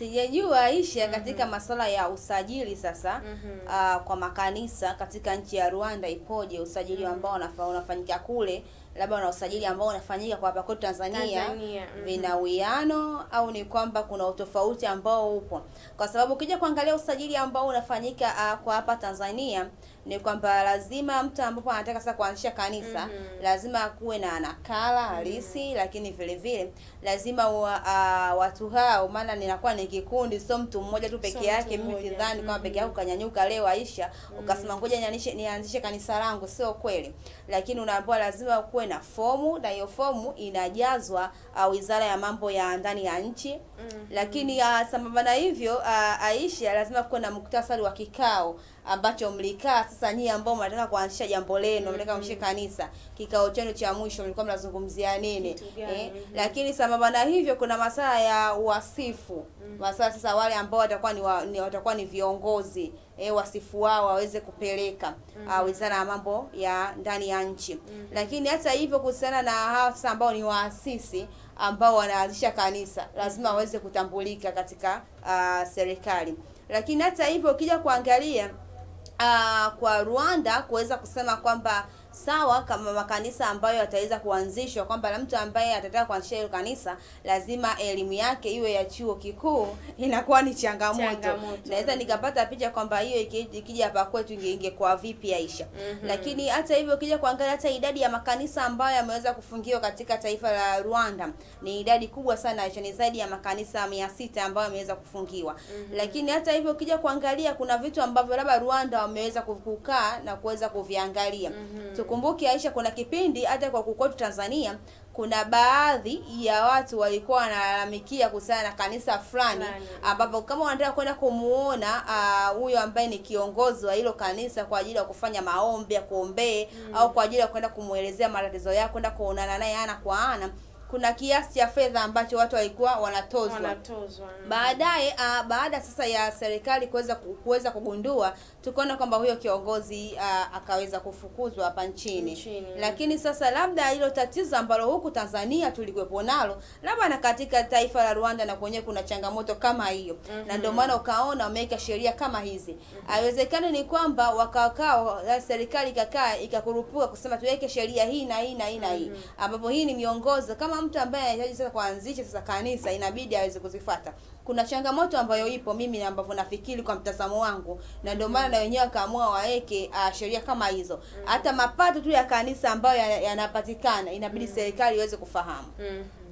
Sijajua Aisha mm -hmm. katika masuala ya usajili sasa mm -hmm. uh, kwa makanisa katika nchi ya Rwanda ipoje usajili mm -hmm. ambao unafanyika kule labda na usajili ambao unafanyika kwa hapa kwetu Tanzania, Tanzania. Mm -hmm. vina uwiano au ni kwamba kuna utofauti ambao upo? Kwa sababu ukija kuangalia usajili ambao unafanyika uh, kwa hapa Tanzania ni kwamba lazima mtu ambapo anataka sasa kuanzisha kanisa mm -hmm. lazima akuwe na nakala mhm. halisi mm -hmm. lakini vile vile lazima wa, uh, watu hao, maana ninakuwa ni kikundi, sio mtu mmoja tu peke yake. Mimi sidhani kama peke yako mhm. ukanyanyuka leo Aisha, mm -hmm. ukasema mhm. ngoja nianzishe kanisa langu, sio kweli, lakini unaambiwa lazima ukuwe na fomu na hiyo fomu inajazwa uh, Wizara ya Mambo ya Ndani ya Nchi mm -hmm. Lakini uh, sambamba na hivyo uh, Aisha, lazima kuwe na muktasari wa kikao ambacho mlikaa sasa nyie ambao mnataka kuanzisha jambo lenu, mnataka mm -hmm. mshike kanisa, kikao chenu cha mwisho mlikuwa mnazungumzia nini eh? mm -hmm. Lakini sambamba na hivyo kuna masaa ya wasifu mm -hmm. masaa sasa wale ambao watakuwa ni, wa, ni, watakuwa ni viongozi e, wasifu wao waweze kupeleka mm -hmm. Wizara ya Mambo ya Ndani ya Nchi mm -hmm. Lakini hata hivyo kuhusiana na hasa ambao ni waasisi ambao wanaanzisha kanisa lazima mhm. waweze kutambulika katika uh, serikali. Lakini hata hivyo ukija kuangalia uh, kwa Rwanda kuweza kusema kwamba sawa kama makanisa ambayo yataweza kuanzishwa kwamba na mtu ambaye atataka kuanzisha hilo kanisa lazima elimu yake iwe ya chuo kikuu, inakuwa ni changamoto. Naweza nikapata picha kwamba hiyo ikija hapa kwetu ingekuwa vipi Aisha? mm -hmm. Lakini hata hivyo ukija kuangalia hata idadi ya makanisa ambayo yameweza kufungiwa katika taifa la Rwanda ni idadi kubwa sana Aisha, ni zaidi ya makanisa mia sita ambayo yameweza kufungiwa. mm -hmm. Lakini hata hivyo ukija kuangalia kuna vitu ambavyo labda Rwanda wameweza kukaa na kuweza kuviangalia. mm -hmm. Tukumbuke Aisha, kuna kipindi hata kwa kukotu Tanzania kuna baadhi ya watu walikuwa wanalalamikia kuhusiana na kanisa fulani, ambapo kama wanataka kwenda kumuona ah, huyo uh, ambaye ni kiongozi wa hilo kanisa kwa ajili ya kufanya maombi ya kuombee mm, au kwa ajili ya kwenda kumwelezea matatizo yao, kwenda kuonana naye ana kwa ana kuna kiasi cha fedha ambacho watu walikuwa wanatozwa, wanatozwa. Mm. Baadaye uh, baada sasa ya serikali kuweza kuweza kugundua, tukaona kwamba huyo kiongozi uh, akaweza kufukuzwa hapa nchini. Nchini mm. lakini sasa labda hilo tatizo ambalo huku Tanzania tulikuwepo nalo, labda na katika taifa la Rwanda na kwenye kuna changamoto kama hiyo mm -hmm. na ndio maana ukaona wameweka sheria kama hizi mm -hmm. haiwezekani ni kwamba wakakaa eh, serikali ikakaa ikakurupuka kusema tuweke sheria hii na hii na hii na hii mm -hmm. ambapo hii ni miongozo kama mtu ambaye anahitaji sasa kuanzisha sasa kanisa inabidi aweze kuzifuata. Kuna changamoto ambayo ipo mimi ambavyo nafikiri kwa mtazamo wangu, na ndio maana na wenyewe akaamua waweke uh, ah, sheria kama hizo. Mm. Hata mapato tu ya kanisa ambayo yanapatikana inabidi mm. serikali iweze kufahamu. Mm.